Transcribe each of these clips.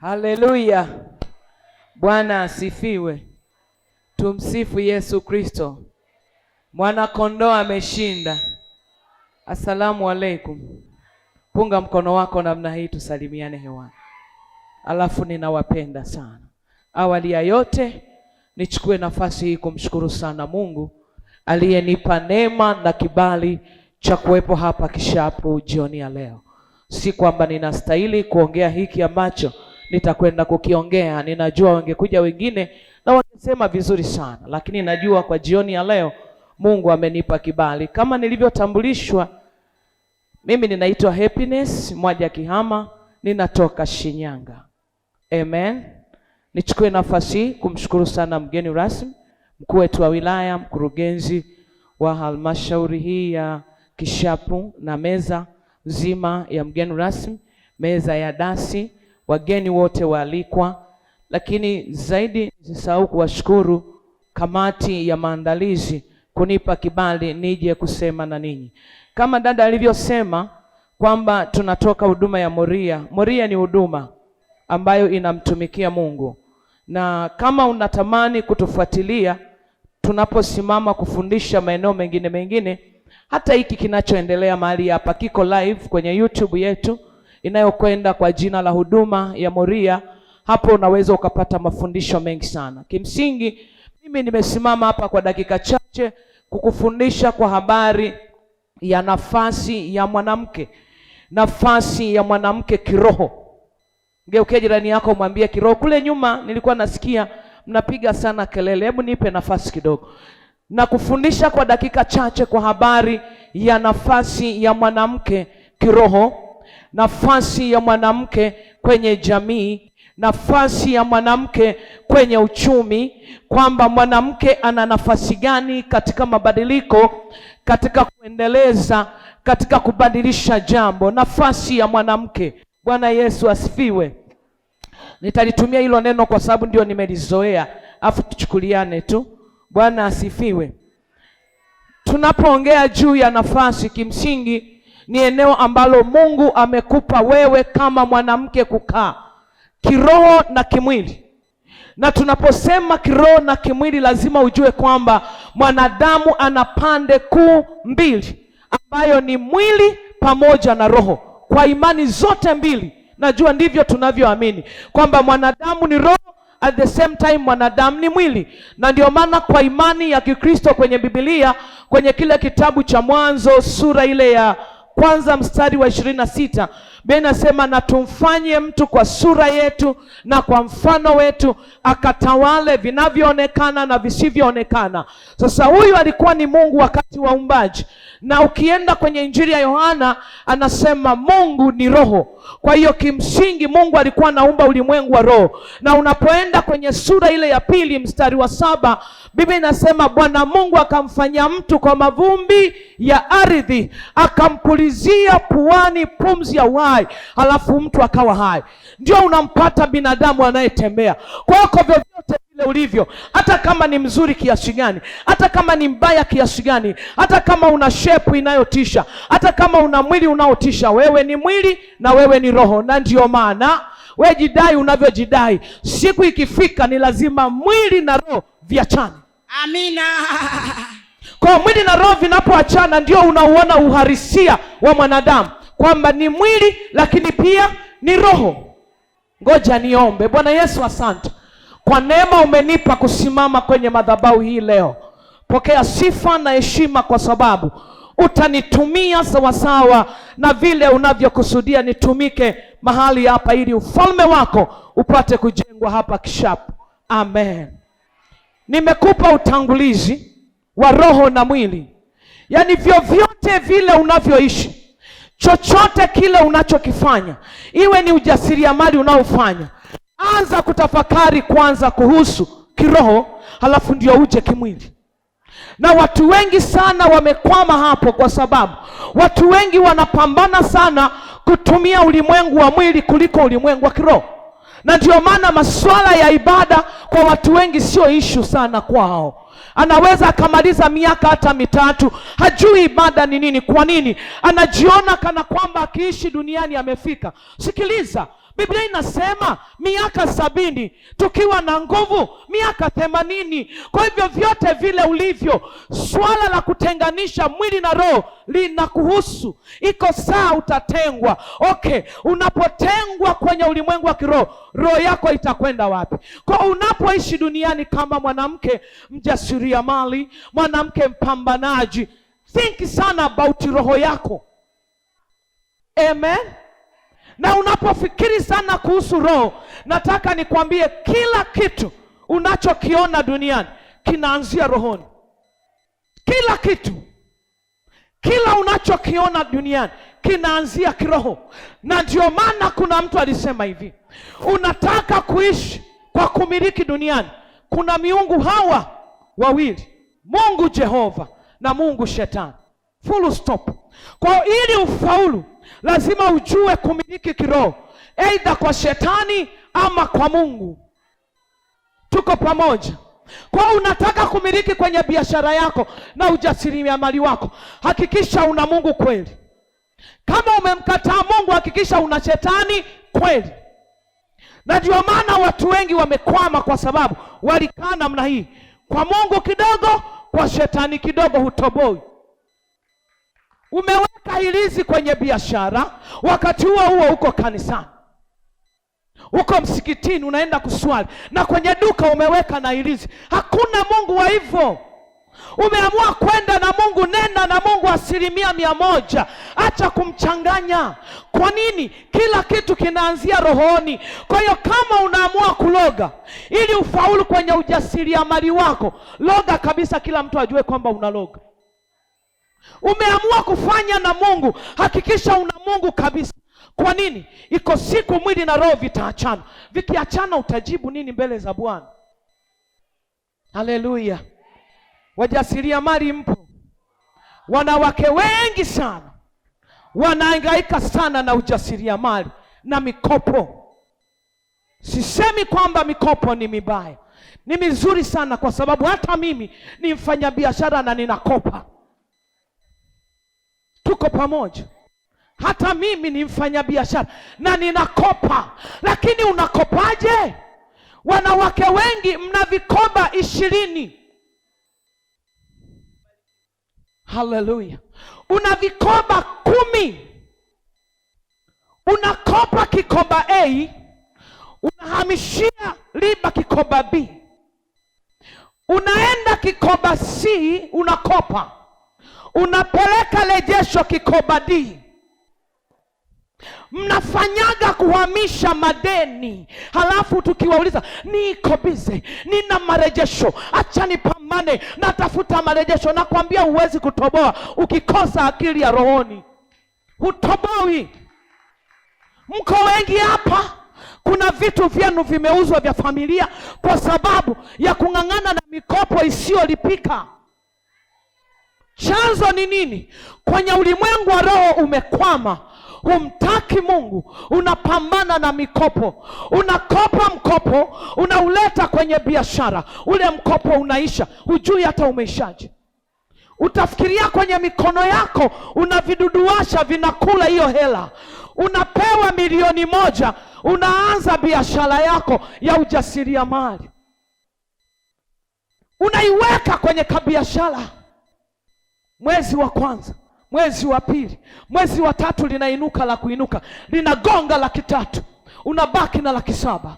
Haleluya, Bwana asifiwe. Tumsifu Yesu Kristo. Mwana kondoo ameshinda. Asalamu alaikum. Punga mkono wako namna hii, tusalimiane hewani. Alafu ninawapenda sana. Awali ya yote, nichukue nafasi hii kumshukuru sana Mungu aliyenipa neema na kibali cha kuwepo hapa Kishapu jioni ya leo. Si kwamba ninastahili kuongea hiki ambacho nitakwenda kukiongea. Ninajua wangekuja wengine na wangesema vizuri sana, lakini najua kwa jioni ya leo Mungu amenipa kibali. Kama nilivyotambulishwa, mimi ninaitwa Happiness Mwaja Kihama, ninatoka Shinyanga. Amen. Nichukue nafasi kumshukuru sana mgeni rasmi, mkuu wetu wa wilaya, mkurugenzi wa halmashauri hii ya Kishapu na meza nzima ya mgeni rasmi, meza ya dasi wageni wote waalikwa, lakini zaidi nisisahau kuwashukuru kamati ya maandalizi kunipa kibali nije kusema na ninyi. Kama dada alivyosema kwamba tunatoka huduma ya Moria. Moria ni huduma ambayo inamtumikia Mungu, na kama unatamani kutufuatilia tunaposimama kufundisha maeneo mengine mengine, hata hiki kinachoendelea mahali hapa kiko live kwenye YouTube yetu inayokwenda kwa jina la huduma ya Moria. Hapo unaweza ukapata mafundisho mengi sana. Kimsingi mimi nimesimama hapa kwa dakika chache kukufundisha kwa habari ya nafasi ya mwanamke, nafasi ya mwanamke kiroho. Ngeukia jirani yako mwambie kiroho. Kule nyuma nilikuwa nasikia mnapiga sana kelele, hebu nipe nafasi kidogo na kufundisha kwa dakika chache kwa habari ya nafasi ya mwanamke kiroho nafasi ya mwanamke kwenye jamii, nafasi ya mwanamke kwenye uchumi, kwamba mwanamke ana nafasi gani katika mabadiliko, katika kuendeleza, katika kubadilisha jambo, nafasi ya mwanamke. Bwana Yesu asifiwe. Nitalitumia hilo neno kwa sababu ndio nimelizoea, afu tuchukuliane tu. Bwana asifiwe. Tunapoongea juu ya nafasi, kimsingi ni eneo ambalo Mungu amekupa wewe kama mwanamke kukaa kiroho na kimwili. Na tunaposema kiroho na kimwili, lazima ujue kwamba mwanadamu ana pande kuu mbili, ambayo ni mwili pamoja na roho. Kwa imani zote mbili, najua ndivyo tunavyoamini kwamba mwanadamu ni roho at the same time mwanadamu ni mwili, na ndio maana kwa imani ya Kikristo kwenye Biblia, kwenye kile kitabu cha Mwanzo sura ile ya kwanza mstari wa ishirini na sita Biblia inasema na tumfanye mtu kwa sura yetu na kwa mfano wetu, akatawale vinavyoonekana na visivyoonekana. Sasa huyu alikuwa ni Mungu wakati wa umbaji na ukienda kwenye Injili ya Yohana anasema Mungu ni roho. Kwa hiyo kimsingi Mungu alikuwa anaumba ulimwengu wa roho, na unapoenda kwenye sura ile ya pili mstari wa saba Biblia inasema Bwana Mungu akamfanya mtu kwa mavumbi ya ardhi, akampulizia puani pumzi ya uhai hai, halafu mtu akawa hai. Ndio unampata binadamu anayetembea kwako vyovyote ulivyo hata kama ni mzuri kiasi gani, hata kama ni mbaya kiasi gani, hata kama una shepu inayotisha, hata kama una mwili unaotisha, wewe ni mwili na wewe ni roho. Na ndio maana we jidai unavyojidai, siku ikifika ni lazima mwili na roho viachane. Amina. Kwa mwili na roho vinapoachana, ndio unauona uharisia wa mwanadamu kwamba ni mwili lakini pia ni roho. Ngoja niombe. Bwana Yesu, asante kwa neema umenipa kusimama kwenye madhabahu hii leo. Pokea sifa na heshima, kwa sababu utanitumia sawasawa na vile unavyokusudia nitumike mahali hapa, ili ufalme wako upate kujengwa hapa Kishapu. Amen. Nimekupa utangulizi wa roho na mwili, yaani vyovyote vile unavyoishi Chochote kile unachokifanya, iwe ni ujasiriamali unaofanya, anza kutafakari kwanza kuhusu kiroho, halafu ndio uje kimwili. Na watu wengi sana wamekwama hapo, kwa sababu watu wengi wanapambana sana kutumia ulimwengu wa mwili kuliko ulimwengu wa kiroho, na ndio maana masuala ya ibada kwa watu wengi sio ishu sana kwao anaweza akamaliza miaka hata mitatu, hajui ibada ni nini. Kwa nini? Anajiona kana kwamba akiishi duniani amefika. Sikiliza, Biblia inasema miaka sabini tukiwa na nguvu miaka themanini. Kwa hivyo vyote vile ulivyo, swala la kutenganisha mwili na roho linakuhusu. Iko saa utatengwa. Okay, unapotengwa kwenye ulimwengu wa kiroho, roho yako itakwenda wapi? Kwa unapoishi duniani kama mwanamke mjasiriamali, mwanamke mpambanaji, think sana about roho yako. Amen. Na unapofikiri sana kuhusu roho, nataka nikwambie kila kitu unachokiona duniani kinaanzia rohoni. Kila kitu, kila unachokiona duniani kinaanzia kiroho, na ndio maana kuna mtu alisema hivi, unataka kuishi kwa kumiliki duniani, kuna miungu hawa wawili, Mungu Jehova na Mungu Shetani. Full stop. Kwa ili ufaulu lazima ujue kumiliki kiroho, aidha kwa shetani ama kwa Mungu. Tuko pamoja? Kwa unataka kumiliki kwenye biashara yako na ujasiriamali wako, hakikisha una Mungu kweli. Kama umemkataa Mungu, hakikisha una shetani kweli. Na ndio maana watu wengi wamekwama, kwa sababu walikaa namna hii, kwa Mungu kidogo, kwa shetani kidogo, hutoboi. Umeweka ilizi kwenye biashara, wakati huo huo uko kanisani, uko msikitini, unaenda kuswali, na kwenye duka umeweka na ilizi Hakuna Mungu wa hivyo. Umeamua kwenda na Mungu, nenda na Mungu asilimia mia moja, acha kumchanganya. Kwa nini? Kila kitu kinaanzia rohoni. Kwa hiyo kama unaamua kuloga ili ufaulu kwenye ujasiriamali wako, loga kabisa, kila mtu ajue kwamba unaloga. Umeamua kufanya na Mungu, hakikisha una Mungu kabisa. Kwa nini? Iko siku mwili na roho vitaachana. Vikiachana utajibu nini mbele za Bwana? Haleluya! Wajasiriamali mpo, wanawake wengi sana wanaangaika sana na ujasiriamali na mikopo. Sisemi kwamba mikopo ni mibaya, ni mizuri sana, kwa sababu hata mimi ni mfanyabiashara na ninakopa tuko pamoja. Hata mimi ni mfanyabiashara na ninakopa, lakini unakopaje? Wanawake wengi mna vikoba ishirini. Haleluya! Una vikoba kumi, unakopa kikoba A, unahamishia riba kikoba B, unaenda kikoba C, unakopa unapeleka lejesho Kikobadii, mnafanyaga kuhamisha madeni, halafu tukiwauliza niko bize, nina marejesho, acha nipambane, natafuta marejesho. Nakwambia huwezi kutoboa ukikosa akili ya rohoni, hutobowi Mko wengi hapa, kuna vitu vyenu vimeuzwa vya familia kwa sababu ya kung'ang'ana na mikopo isiyolipika. Chanzo ni nini? Kwenye ulimwengu wa roho umekwama, humtaki Mungu, unapambana na mikopo, unakopa mkopo, unauleta kwenye biashara, ule mkopo unaisha, hujui hata umeishaje. Utafikiria kwenye mikono yako, una vinakula hiyo hela. Unapewa milioni moja, unaanza biashara yako ya ujasiriamali, unaiweka kwenye kabiashara mwezi wa kwanza, mwezi wa pili, mwezi wa tatu, linainuka la kuinuka, linagonga laki tatu, unabaki na laki saba.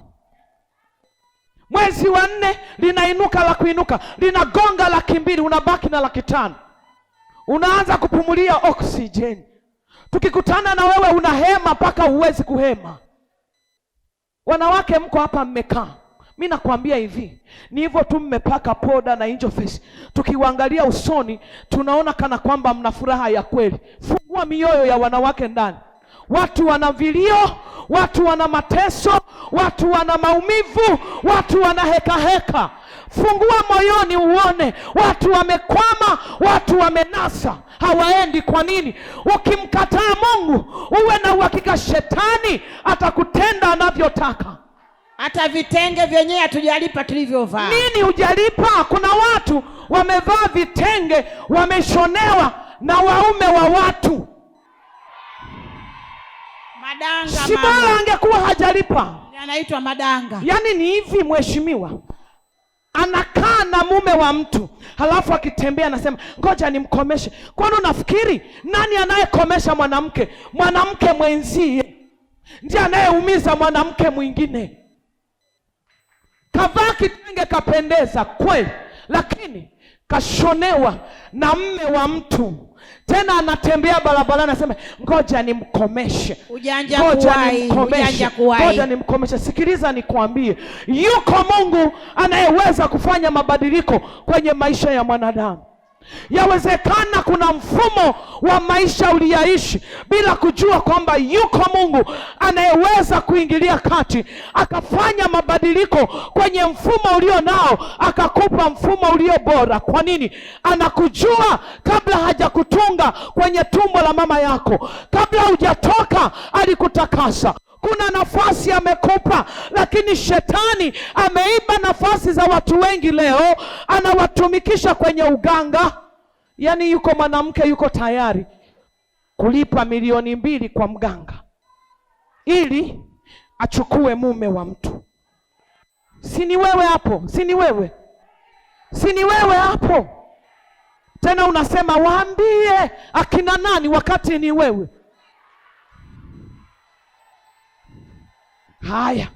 Mwezi wa nne linainuka la kuinuka, linagonga laki mbili, unabaki na laki tano. Unaanza kupumulia oksijeni. Tukikutana na wewe unahema mpaka huwezi kuhema. Wanawake mko hapa mmekaa Mi nakwambia hivi, ni hivyo tu, mmepaka poda na angel face, tukiwaangalia usoni tunaona kana kwamba mna furaha ya kweli. Fungua mioyo ya wanawake ndani. Watu wana vilio, watu wana mateso, watu wana maumivu, watu wana hekaheka. Fungua moyoni uone, watu wamekwama, watu wamenasa, hawaendi. Kwa nini? Ukimkataa Mungu uwe na uhakika shetani atakutenda anavyotaka hata vitenge vyenyewe hatujalipa tulivyovaa. Nini hujalipa? Kuna watu wamevaa vitenge wameshonewa na waume wa watu. Madanga Shibala angekuwa hajalipa, anaitwa madanga. Yaani ni hivi, mheshimiwa anakaa na mume wa mtu halafu akitembea anasema ngoja nimkomeshe. Kwani unafikiri nani anayekomesha mwanamke? Mwanamke mwenzie ndiye anayeumiza mwanamke mwingine kavaa kitenge kapendeza kweli, lakini kashonewa na mme wa mtu tena anatembea barabarani, anasema ngoja nimkomeshe, ngoja nimkomeshe. Sikiliza nikwambie, yuko Mungu anayeweza kufanya mabadiliko kwenye maisha ya mwanadamu. Yawezekana kuna mfumo wa maisha uliyaishi bila kujua kwamba yuko Mungu anayeweza kuingilia kati akafanya mabadiliko kwenye mfumo ulio nao, akakupa mfumo ulio bora. Kwa nini? Anakujua kabla hajakutunga kwenye tumbo la mama yako, kabla hujatoka alikutakasa kuna nafasi amekupa, lakini shetani ameiba nafasi za watu wengi. Leo anawatumikisha kwenye uganga. Yaani, yuko mwanamke yuko tayari kulipa milioni mbili kwa mganga ili achukue mume wa mtu. Si ni wewe hapo? Si ni wewe? Si ni wewe hapo? Tena unasema waambie akina nani wakati ni wewe? Haya,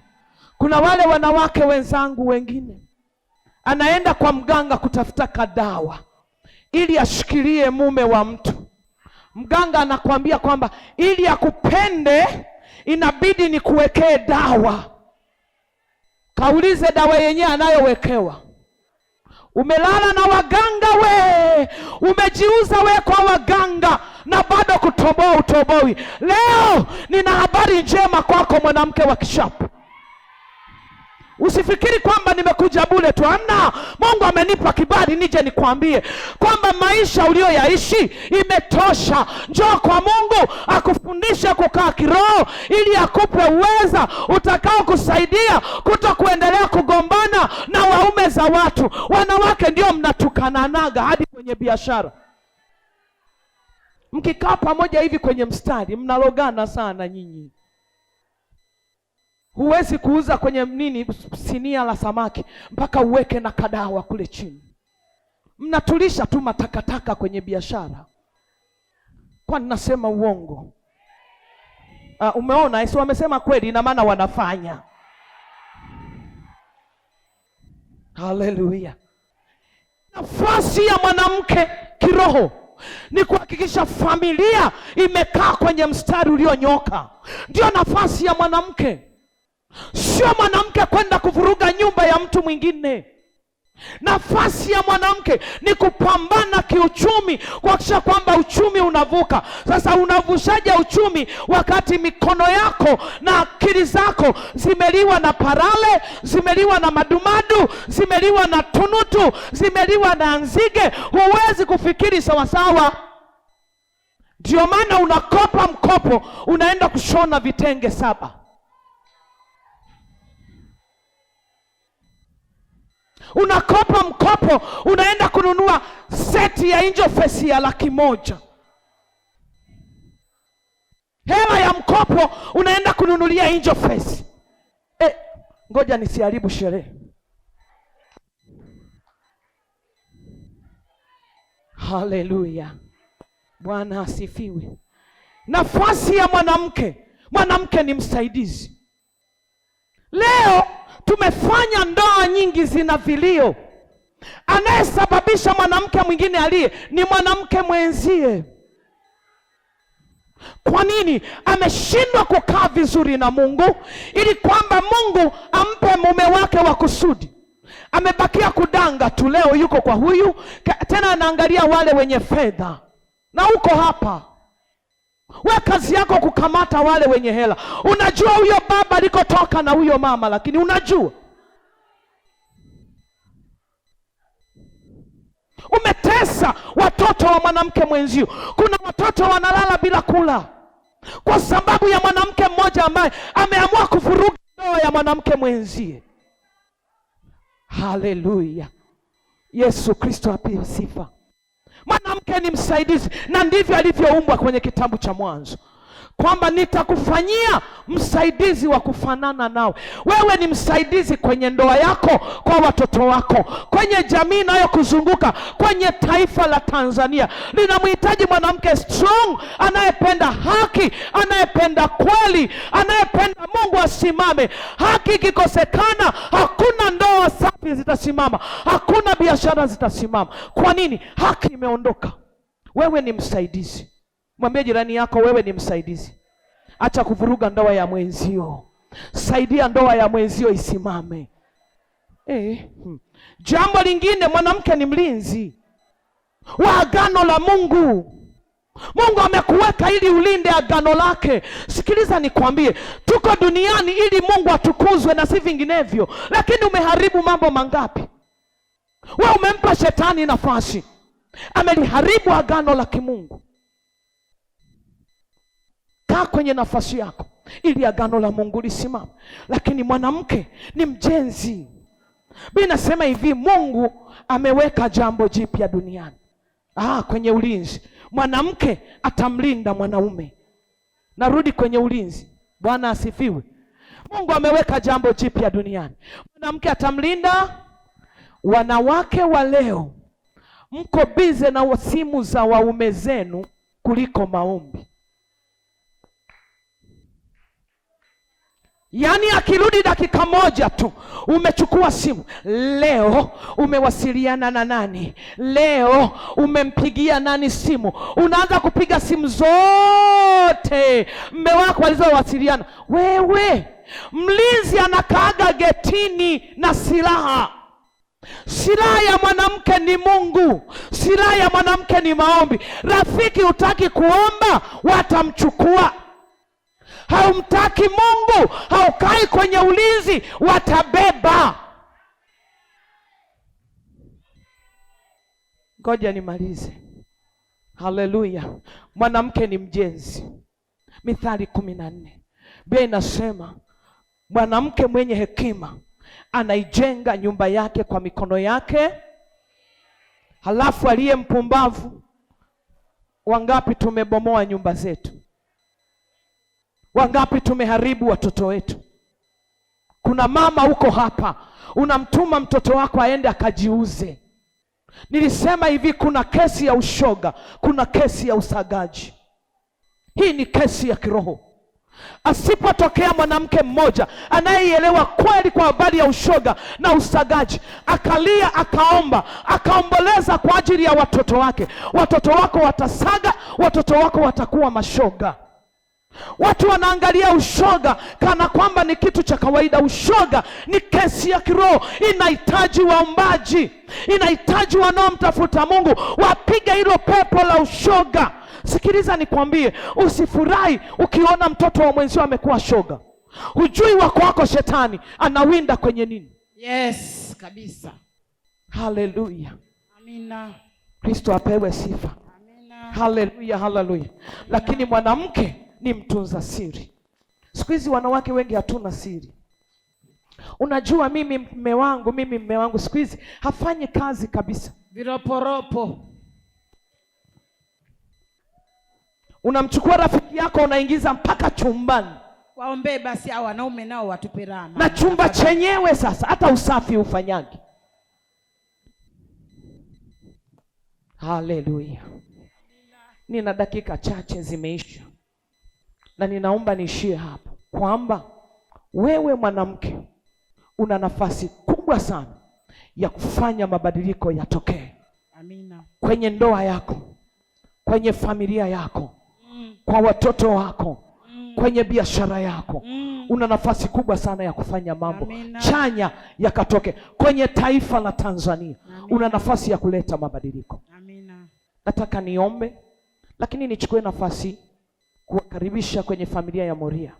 kuna wale wanawake wenzangu wengine, anaenda kwa mganga kutafuta kadawa ili ashikilie mume wa mtu. Mganga anakuambia kwamba ili akupende inabidi nikuwekee dawa. Kaulize dawa yenyewe anayowekewa. Umelala na waganga we, umejiuza we kwa waganga na bado kutoboa utoboi. Leo nina habari njema kwako, mwanamke wa Kishapu. Usifikiri kwamba nimekuja bure tu, amna. Mungu amenipa kibali nije nikwambie kwamba maisha uliyoyaishi imetosha. Njoo kwa Mungu akufundishe kukaa kiroho, ili akupe uweza utakao kusaidia kuto kuendelea kugombana na waume za watu. Wanawake ndio mnatukananaga hadi kwenye biashara. Mkikaa pamoja hivi kwenye mstari mnalogana sana nyinyi. Huwezi kuuza kwenye nini sinia la samaki mpaka uweke na kadawa kule chini. Mnatulisha tu matakataka kwenye biashara. Kwa ninasema uongo? Uh, umeona si wamesema kweli, ina maana wanafanya. Haleluya! Nafasi ya mwanamke kiroho ni kuhakikisha familia imekaa kwenye mstari ulionyoka. Ndiyo nafasi ya mwanamke, sio mwanamke kwenda kuvuruga nyumba ya mtu mwingine. Nafasi ya mwanamke ni kupambana kiuchumi, kuhakikisha kwamba uchumi unavuka. Sasa unavushaje uchumi wakati mikono yako na akili zako zimeliwa na parale, zimeliwa na madumadu, zimeliwa na tunutu, zimeliwa na nzige? Huwezi kufikiri sawasawa. Ndio maana unakopa mkopo, unaenda kushona vitenge saba unakopa mkopo, unaenda kununua seti ya Injofesi ya laki moja hela ya mkopo unaenda kununulia Injofesi. E, eh, ngoja nisiharibu sherehe. Haleluya, Bwana asifiwe. Nafasi ya mwanamke, mwanamke ni msaidizi leo tumefanya ndoa nyingi zina vilio. Anayesababisha mwanamke mwingine aliye ni mwanamke mwenzie. Kwa nini ameshindwa kukaa vizuri na Mungu ili kwamba Mungu ampe mume wake wa kusudi? Amebakia kudanga tu, leo yuko kwa huyu, tena anaangalia wale wenye fedha na uko hapa We kazi yako kukamata wale wenye hela. Unajua huyo baba alikotoka na huyo mama, lakini unajua umetesa watoto wa mwanamke mwenzio. Kuna watoto wanalala bila kula kwa sababu ya mwanamke mmoja ambaye ameamua kuvuruga ndoa ya mwanamke mwenzie. Haleluya, Yesu Kristo apewe sifa. Mwanamke ni msaidizi, na ndivyo alivyoumbwa kwenye kitabu cha Mwanzo kwamba nitakufanyia msaidizi wa kufanana nawe. Wewe ni msaidizi kwenye ndoa yako, kwa watoto wako, kwenye jamii inayokuzunguka, kwenye taifa la Tanzania. Linamhitaji mwanamke strong, anayependa haki, anayependa kweli, anayependa Mungu asimame. Haki ikikosekana, hakuna ndoa safi zitasimama, hakuna biashara zitasimama. Kwa nini? Haki imeondoka. Wewe ni msaidizi. Mwambie jirani yako, wewe ni msaidizi. Acha kuvuruga ndoa ya mwenzio, saidia ndoa ya mwenzio isimame. E, hmm. Jambo lingine, mwanamke ni mlinzi wa agano la Mungu. Mungu amekuweka ili ulinde agano lake. Sikiliza nikwambie, tuko duniani ili Mungu atukuzwe na si vinginevyo, lakini umeharibu mambo mangapi? We umempa shetani nafasi, ameliharibu agano la kimungu kaa kwenye nafasi yako ili agano la Mungu lisimame. Lakini mwanamke ni mjenzi. Mimi nasema hivi, Mungu ameweka jambo jipya duniani. Ah, kwenye ulinzi, mwanamke atamlinda mwanaume. Narudi kwenye ulinzi. Bwana asifiwe. Mungu ameweka jambo jipya duniani, mwanamke atamlinda. Wanawake wa leo mko bize na simu za waume zenu kuliko maombi. Yaani akirudi dakika moja tu, umechukua simu leo, umewasiliana na nani leo, umempigia nani simu, unaanza kupiga simu zote mme wako alizowasiliana. Wewe mlinzi anakaaga getini na silaha. Silaha ya mwanamke ni Mungu, silaha ya mwanamke ni maombi. Rafiki hutaki kuomba, watamchukua haumtaki Mungu, haukai kwenye ulinzi, watabeba. Ngoja nimalize. Haleluya! Mwanamke ni mjenzi. Mithali kumi na nne Biblia inasema mwanamke mwenye hekima anaijenga nyumba yake kwa mikono yake, halafu aliye mpumbavu. Wangapi tumebomoa nyumba zetu? Wangapi tumeharibu watoto wetu? Kuna mama huko hapa, unamtuma mtoto wako aende akajiuze. Nilisema hivi, kuna kesi ya ushoga, kuna kesi ya usagaji. Hii ni kesi ya kiroho. Asipotokea mwanamke mmoja anayeielewa kweli kwa habari ya ushoga na usagaji, akalia, akaomba, akaomboleza kwa ajili ya watoto wake, watoto wako watasaga, watoto wako watakuwa mashoga. Watu wanaangalia ushoga kana kwamba ni kitu cha kawaida. Ushoga ni kesi ya kiroho, inahitaji waombaji, inahitaji wanaomtafuta Mungu wapige hilo pepo la ushoga. Sikiliza nikwambie, usifurahi ukiona mtoto wa mwenzio amekuwa shoga. Hujui wako wako shetani anawinda kwenye nini? Yes, kabisa. Haleluya, amina. Kristo apewe sifa. Amina. Haleluya, haleluya. Lakini mwanamke ni mtunza siri. Siku hizi wanawake wengi hatuna siri. Unajua, mimi mme wangu mimi mme wangu siku hizi hafanyi kazi kabisa, viroporopo. Unamchukua rafiki yako unaingiza mpaka chumbani, waombee basi hao wanaume nao watupe rana, na chumba chenyewe sasa hata usafi ufanyaje? Haleluya! Nina dakika chache zimeisha na ninaomba niishie hapo, kwamba wewe mwanamke una nafasi kubwa sana ya kufanya mabadiliko yatokee. Amina. Kwenye ndoa yako, kwenye familia yako, mm. kwa watoto wako, mm. kwenye biashara yako, mm. una nafasi kubwa sana ya kufanya mambo Amina. chanya yakatoke kwenye taifa la Tanzania. Amina. una nafasi ya kuleta mabadiliko Amina. nataka niombe, lakini nichukue nafasi kuwakaribisha kwenye familia ya Moria.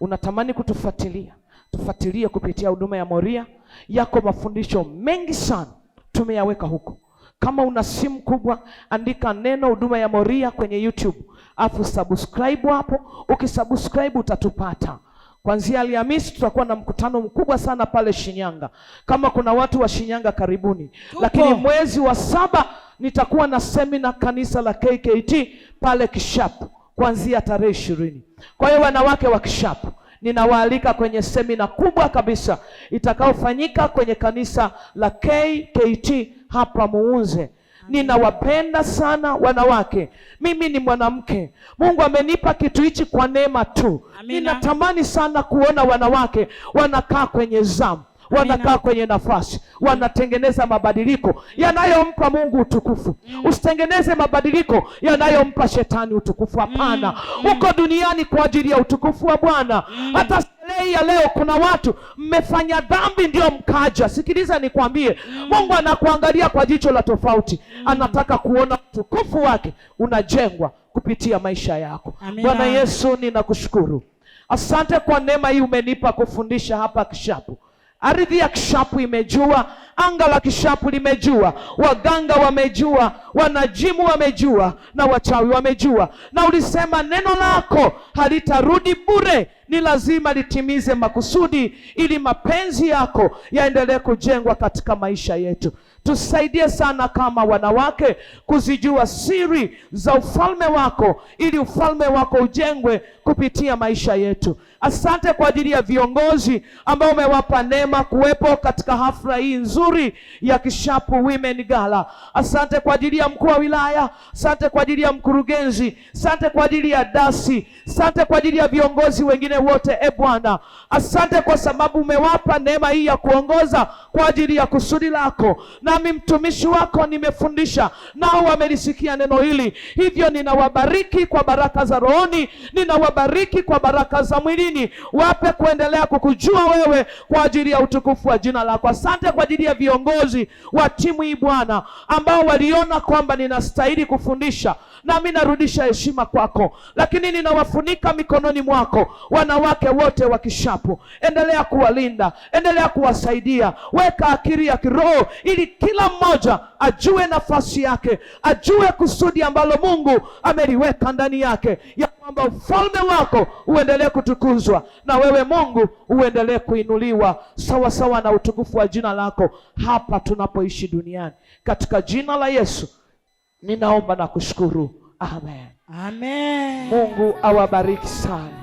Unatamani kutufuatilia, tufuatilie kupitia huduma ya Moria. Yako mafundisho mengi sana tumeyaweka huko. Kama una simu kubwa, andika neno huduma ya Moria kwenye YouTube afu subscribe hapo. Ukisubscribe utatupata. Kwanzia Alhamisi tutakuwa na mkutano mkubwa sana pale Shinyanga. Kama kuna watu wa Shinyanga karibuni. Tupo. Lakini mwezi wa saba nitakuwa na semina kanisa la KKT pale Kishapu kuanzia tarehe ishirini. Kwa hiyo wanawake wa Kishapu ninawaalika kwenye semina kubwa kabisa itakayofanyika kwenye kanisa la KKT hapa Muunze. Ninawapenda sana wanawake. Mimi ni mwanamke, Mungu amenipa kitu hichi kwa neema tu. Amina. Ninatamani sana kuona wanawake wanakaa kwenye zamu wanakaa kwenye nafasi, wanatengeneza mabadiliko yanayompa Mungu utukufu. Mm. Usitengeneze mabadiliko yanayompa shetani utukufu, hapana. Mm. Mm. Uko duniani kwa ajili ya utukufu wa Bwana. Hata starehe ya leo, kuna watu mmefanya dhambi ndio mkaja. Sikiliza nikwambie, Mungu anakuangalia kwa jicho la tofauti, anataka kuona utukufu wake unajengwa kupitia maisha yako. Bwana Yesu, ninakushukuru. Asante kwa neema hii umenipa kufundisha hapa Kishapu. Ardhi ya Kishapu imejua, anga la Kishapu limejua, waganga wamejua, wanajimu wamejua, na wachawi wamejua. Na ulisema neno lako halitarudi bure, ni lazima litimize makusudi, ili mapenzi yako yaendelee kujengwa katika maisha yetu. Tusaidie sana kama wanawake kuzijua siri za ufalme wako, ili ufalme wako ujengwe kupitia maisha yetu. Asante kwa ajili ya viongozi ambao umewapa neema kuwepo katika hafla hii nzuri ya Kishapu Women Gala. Asante kwa ajili ya mkuu wa wilaya, asante kwa ajili ya mkurugenzi, asante kwa ajili ya dasi, asante kwa ajili ya viongozi wengine wote. E Bwana, asante kwa sababu umewapa neema hii ya kuongoza kwa ajili ya kusudi lako na nami mtumishi wako nimefundisha, nao wamelisikia neno hili. Hivyo ninawabariki kwa baraka za rohoni, ninawabariki kwa baraka za mwilini, wape kuendelea kukujua wewe kwa ajili ya utukufu wa jina lako. Asante kwa ajili ya viongozi wa timu hii Bwana, ambao waliona kwamba ninastahili kufundisha nami narudisha heshima kwako, lakini ninawafunika mikononi mwako wanawake wote wa Kishapu. Endelea kuwalinda, endelea kuwasaidia, weka akili ya kiroho ili kila mmoja ajue nafasi yake, ajue kusudi ambalo Mungu ameliweka ndani yake ya kwamba ufalme wako uendelee kutukuzwa na wewe Mungu uendelee kuinuliwa sawasawa na utukufu wa jina lako hapa tunapoishi duniani katika jina la Yesu. Ninaomba na kushukuru. Amen. Amen. Mungu awabariki sana.